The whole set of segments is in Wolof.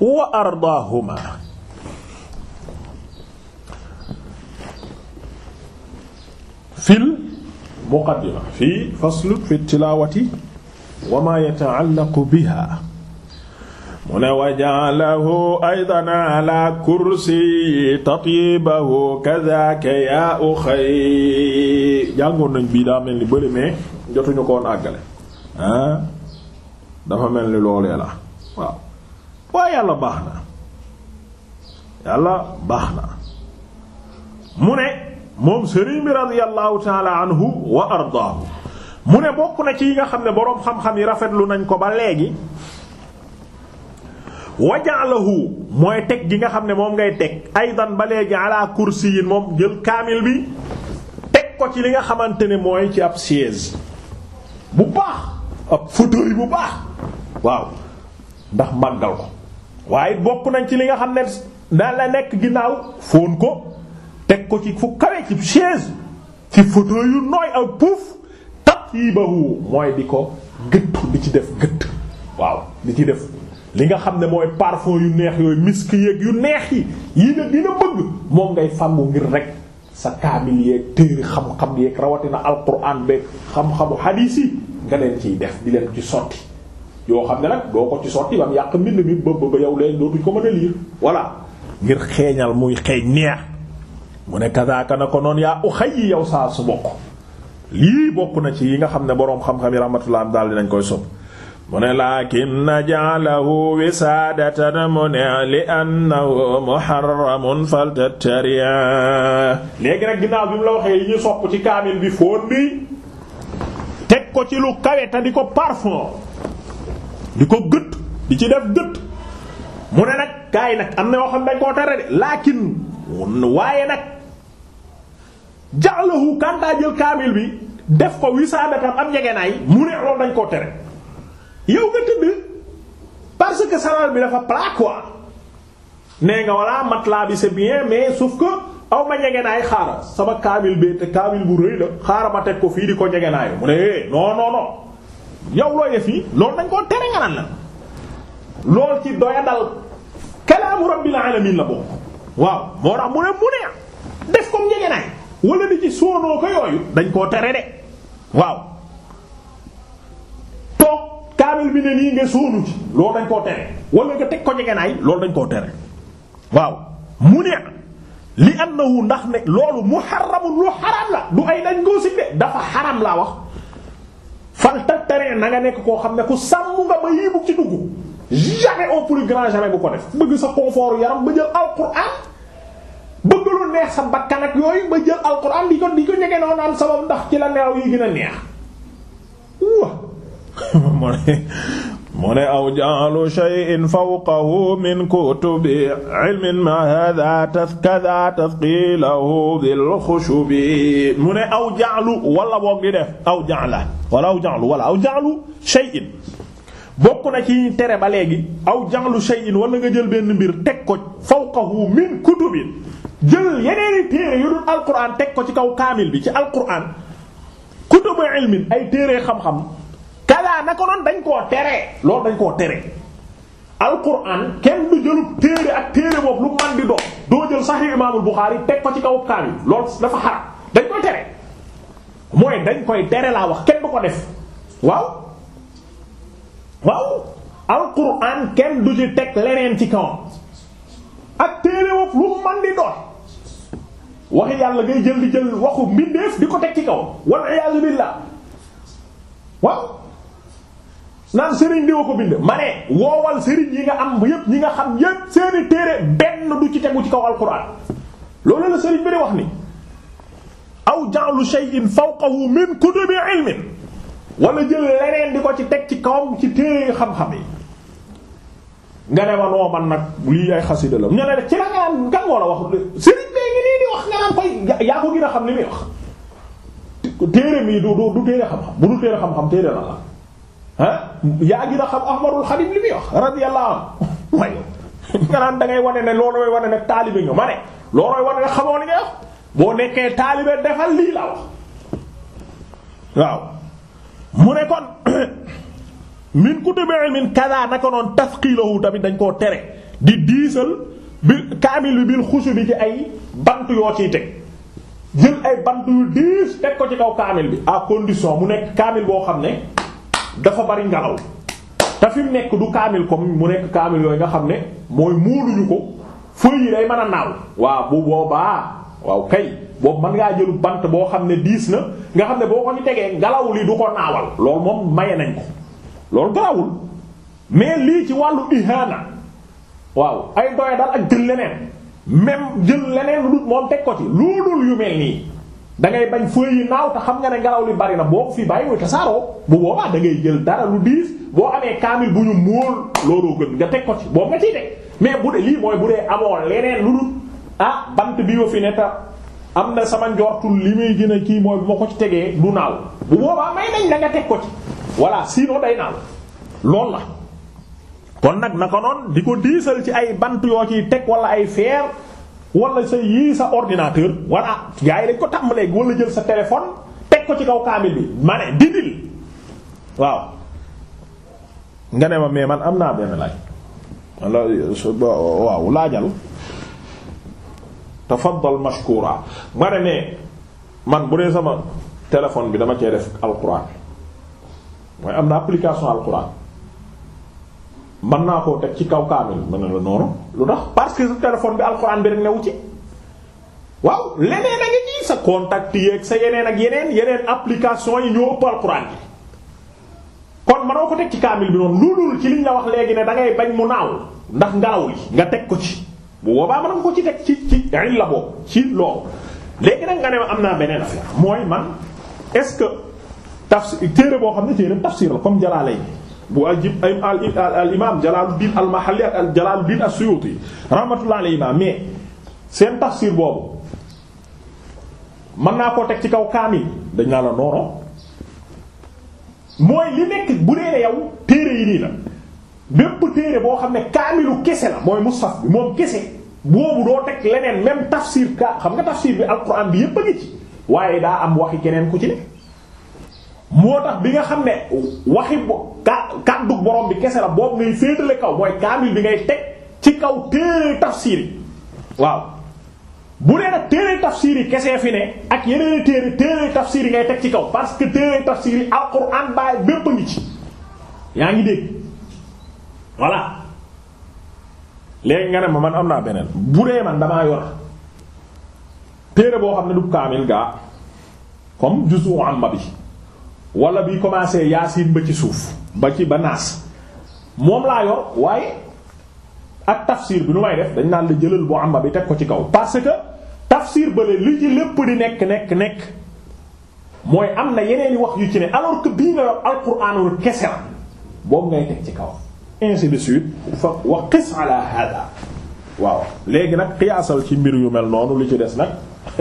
wa ardaahuma fil muqaddima fii faslu fi tilaawati wa ma yata'allaqu biha mu ne wajalahu aydan ala kursi tatyibahu kadaka ya uxay jàngoon nañ bii daa mel ni bëri mais jotuñu koon àggale ah dafa mel ni loolee la waaw waa yàlla baax na yàlla baax na mu ne moom sëriñ bi radiyallahu taala anhu wa ardaahu mu ne bokk na ci yi nga xam ne boroom xam-xam yi rafetlu nañ ko ba léegi wajaalahu mooy teg gi nga xam ne moom ngay teg aydan ba léegi ala kursi yi moom jël kaamil bi teg ko ci li nga xamante ne mooy ci ab chaise bu baax ab fauteuil bu baax waaw ndax màggal ko waaye bokk nañ ci li nga xam ne daal la nekk ginnaaw fóon ko teg ko ci fu kawe ci chaise ci fauteuil yu nooy ak puuf tatibahu mooy di ko gëtt di ci def gëtt waaw di ci def li nga xam ne mooy parfum yu neex yooyu misk yéeg yu neex yi yi nga dina bëgg moom ngay fàngu ngir rek sa kaamil yeeg téeri xam-xam yeeg rawatina alquran beeg xam-xamu hadis yi nga leen ciy def di leen ci sotti yoo xam ne nag doo ko ci sotti ba mu yàq mbind mi bëbb ba yow léegi dootuñ ko mën a liir voilà ngir xeeñal muy xeeñ neex mu ne kazaaka na ko noonu yaa uxay yi yow saa su bokk lii bokk na ci yi nga xam ne boroom xam-xam yi rahmatullah daal nañ koy sopp mu ne laakin naj'alahu wisaadatan mu ne li annahu muharramun faltattari léegi nag ginnaaw bi mu la waxee yi ñu sopp ci kaamil bi fóon bi teg ko ci lu kawe di ko parfum di ko gët di ci def gët mu ne nag gaa yi nag am na yoo xam dañ koo tere de laakin waaye nag ja'lahu kantaa kaamil bi def ko wisaadatam am njegenaay mu ne loolu dañ koo tere yow nga tëdd parce que salal bi dafa plat quoi nee nga walla matelas bi c'est bien mais sauf que aw ma njegenaay xaaral sama kaamil bi te kaamil bu rëy la xaaral ma teg ko fii di ko njegenaayu mu ne eh, non non yow looy def yi loolu dañ koo tere nga naan la lool ci doya dal kalaamu rabbil alamin la bokk waaw moo tax mu ne mu ne def comme njegenaay wala di ci soonoo ko yooyu dañ koo tere de waaw toog kaamil bi ne nii nga soonu ci loolu dañ koo tere wala nga teg ko njegenaay loolu dañ koo tere waaw mu ne li annahu ndax ne loolu muharramun lu xaram la du ay dañ koo sibbee dafa xaram laa wax fal tattare na nga nekk koo xam ne ku sàmm nga ba yii bu ci dugg jamais au plus grand jamais bu ko def bëgg sa confort yaram ba jël alquran bëgg lu neex sa bakkan ak yooyu ba jël alquran di ko di ko ñege noonu am sabab ndax ci la neew yi gën a neex waa mu ne aw ja'alu shay'in fawqahu min kutubi ilmin ma hadha taskada tasqilahu bil khushubi mu ne aw ja'alu wala boog di def aw ja'la wala aw ja'lu wala aw ja'lu shay'in bokk na ci tere ba léegi aw ja'lu shay'in wala nga jël benn mbir teg ko fawqahu min kutubi jël yeneeni téere yu dul alquran teg ko ci kaw kaamil bi ci alquran kutubu ilmin ay téere xam-xam kadaa na ko noon dañ koo tere loolu dañ koo tere alquran kenn du jëlub téere ak téere boobu lu man di doon doo jël saxiix imaamul Buxaari teg ko ci kaw kaamil loolu dafa xaram dañ koy tere mooy dañ koy tere laa wax kenn du ko def waaw waaw alquran kenn du ci teg leneen ci kaw ak téere boobu lu man di doon waxi yàlla ngay jël di jël waxu mbindeef di ko teg ci kaw wal iyaazu billaah waaw naan sëriñ diwa ko bind ma ne woowal sëriñ yi nga am yépp ñi nga xam yépp seeni téere benn du ci tegu ci kaw alquran loolu la sëriñ bi di wax ni aw ja'lu shay'in fawqahu min kutubi ilmin wala jël ci teg ci kawam ci téere xam nga ne ma man nag lii ay xasida la wax sëriñ bee ngi nii di wax nga naan koy yaa ko gën a xam li muy wax téere mi du du téere xam-xam bu du téere xam-xam téere la la ah yaa ngi la xam Ahmadul Xadim li muy wax radiyallahu anhu waaye nga naan da ngay wane ne loolooy wane ne taalibe nga ma loolooy wane ne xamoo li nga wax boo nekkee taalibe defal lii la wax waaw mu ne kon min ku demee min kadaa naka noonu tasqilahu tamit dañ koo tere di diisal bi kaamil bi bil xusu bi ci ay bant yoo ciy teg jël ay bant yu diis teg ko ci kaw kaamil bi à condition mu nekk kaamil boo xam ne dafa bari ngelaw te fi mu nekk du kaamil comme mu nekk kaamil yooyu nga xam ne mooy muuluñu ko feuilles yi day mën a naaw waaw bu boobaa waaw kay boobu mën ngaa jëlu bant boo xam ne diis na nga xam ne boo ko ñu tegee ngelaw li du ko naawal loolu moom maye nañ ko loolu garawul mais lii ci wàllu ihaana waaw ay doya dal ak jël leneen même jël leneen lu dul moom teg ko ci lu yu mel nii dangay ngay bañ feuilles yi naaw te xam nga ne ngelaw li bari na boo ko fi bàyyi muy tasaaroo bu boobaa da ngay jël dara lu diis boo amee kaamil bu ñu móol looloo gën nga teg ko ci boobu nga ciy teg mais bu dee lii mooy bu dee amoo leneen lu dul ah bant bi yoo fi ne am na sama njortul li muy gën a kii mooy bu ma ko ci tegee du naaw bu boobaa may nañ la nga teg ko ci voilà sinon day naaw loolu la kon nag naka noonu di ko diisal ci ay bant yoo ciy teg wala ay feer. wala sa yii sa ordinateur voilà gars yi dañ ko tàmbalee wala jël sa téléphone teg ko ci kaw kaamil bi ma ne dindil waaw nga ne ma mais man am naa benn laaj wala waaw laajal tafaddal mashkura ma ne mais man bu dee sama téléphone bi dama cee def alquran mooy am na application alquran mën naa koo teg ci kaw kaamil mën na la noonu lu tax parce que sa téléphone bi alxuraan bi rek newu ci waaw leneen a ngi ci sa contact yeeg sa yeneen ak yeneen yeneen application yi ñoo ëpp alxuraan bi kon mënoo ko teg ci kaamil bi noonu loolul ci liñ la wax léegi ne dangay bañ mu naaw ndax ngelaw li nga teg ko ci bu boobaa mën nga ko ci teg ci ci il la boobu ci loolu léegi nag nga ne am naa beneen affaire mooy man est-ce que tafsir téere boo xam ne téere tafsir la comme Jalalayn waajib ay al imaam Jalaaluddin al-Mahalli ak Jalaaluddin as-Suyuti rahmatullahi alayhima mais seen tafsir boobu mën naa koo teg ci kaw kaamil dañ naa la noono mooy li nekk bu dee yow téere yi nii la bépp téere boo xam ne kaamilu kese la mooy mushaf bi moom kese boobu doo teg leneen même tafsir ka xam nga tafsir bi alquran bi yépp a ngi ci waaye daa am waxi keneen ku ci ne moo tax bi nga xam ne waxi bo ka kàddu borom bi kese la boobu ngay féetale kaw mooy kaamil bi ngay teg ci kaw téere tafsir waaw bu dee nag téere tafsir yi kese fi ne ak yeneen téere téere tafsir ngay teg ci kaw parce que téere tafsir yi alxuraan baay bépp ngi ci yaa ngi dégg voilà léegi nga ne ma man am naa beneen bu dee man damaa yor téere boo xam ne du kaamil gaa comme juzu amma bi wala bi commencé yaasin ba ci suuf ba ci banaas moom laa yor waaye ak tafsir bi nu may def dañ naan la jëlal boo amma bi teg ko ci kaw parce que tafsir bële li ci lépp di nekk nekk nekk mooy am na yeneen wax yu ci ne alors que bii nga yor alquranul kese la boobu ngay teg ci kaw ainsi de suite fa wa qis ala hada waaw léegi nag xiyaasal ci mbir yu mel noonu li ci des nag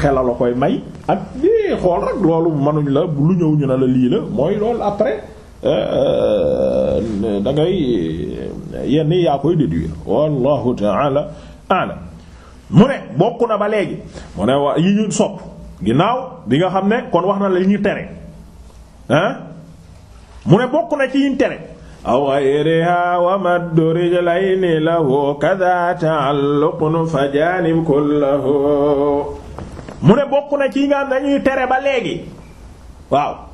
xelal la koy may ak lii xool rek loolu mënuñ la lu ñëw ñu ne la lii la mooy loolu après Euh, euh, da ngay yenn yaa koy déduire wallahu ta'ala a'lam mu ne bokk na ba léegi mu ne wa yi ñu sopp ginnaaw bi nga xam ne kon wax na la li ñu tere ah mu ne bokk na ci yiñ tere aw ghayriha wa maddu rijlayni lahu kadha ta'alluqun fajanib kullahu mu ne bokk na ci nga xam ne dañuy tere ba léegi waaw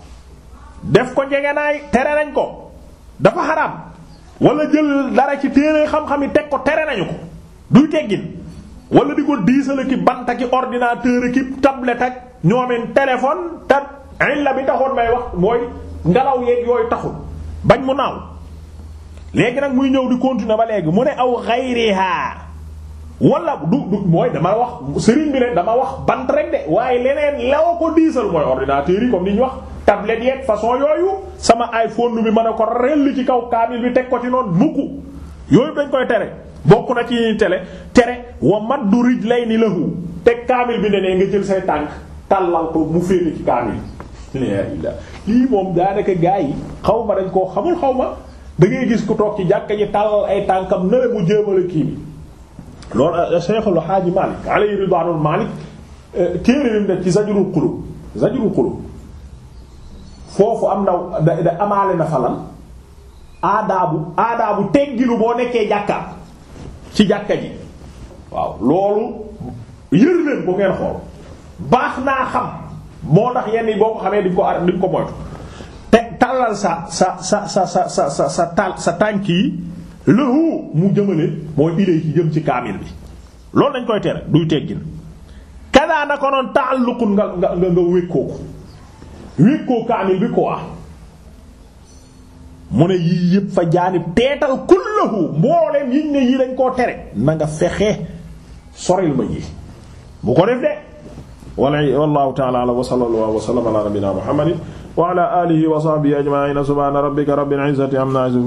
def ko njegenaay tere nañ ko dafa xaraam wala jël dara ci téere xam-xam yi teg ko tere nañu ko duy teggin wala di ko diisal ki banta ki ordinateur ki tablette ak ñoomin téléphone te illa bi taxoon may wax mooy ngelaw yeeg yooyu taxul bañ mu naaw léegi nag muy ñëw di continuer ba léegi mu ne aw xayriha wala du du mooy dama wax sëriñ bi ne dama wax bant rek de waaye leneen law ko diisal mooy ordinateur yi comme ni ñu wax tablette yeeg façon yooyu sama iPhone bi mën a ko rell ci kaw kaamil bi teg ko ci noonu mukk yooyu dañ koy tere bokk na ci tele tere wa mat du rij lay ni lahu teg kaamil bi ne nee nga jël say tànk tàllal ko mu féete ci kaamil lii moom daanaka gaa yi xaw ma dañ koo xamul xaw ma dangay gis ku toog ci jàkka ji tàllal ay tànkam nale mu jéemale kii bi loolu euh, Cheikhul Haaji Malik alayhi ridwaanul Malik euh, téere lim def ci Zajrul Qulub Zajrul Qulub foofu am na da amaale na fa lan aadaabu aadaabu teggilu boo nekkee jàkkar ci jàkka ji waaw loolu yër leen ngeen xool baax naa xam moo tax yenn yi boo ko xamee di ko ar di ko moytu te tàllal sa sa sa sa sa sa sa tànk yi lëhu mu jëmale mooy idée yi jëm ci kaamil bi loolu dañ koy tere duy teggin kadaa na ko noon ta'alluqun nga nga nga wékkooku wékkoo ko bi quoi mu ne yii yëpp fa jaanib teetal kullahu mbooleem yiñ ne yii dañ koo tere na nga fexe soril ma ji bu ko def de wala wallahu ta'ala a sallallahu wa sallama ala nabiyyina muhammadin wa wa sahbihi ajma'in subhana rabbika rabbil izzati amma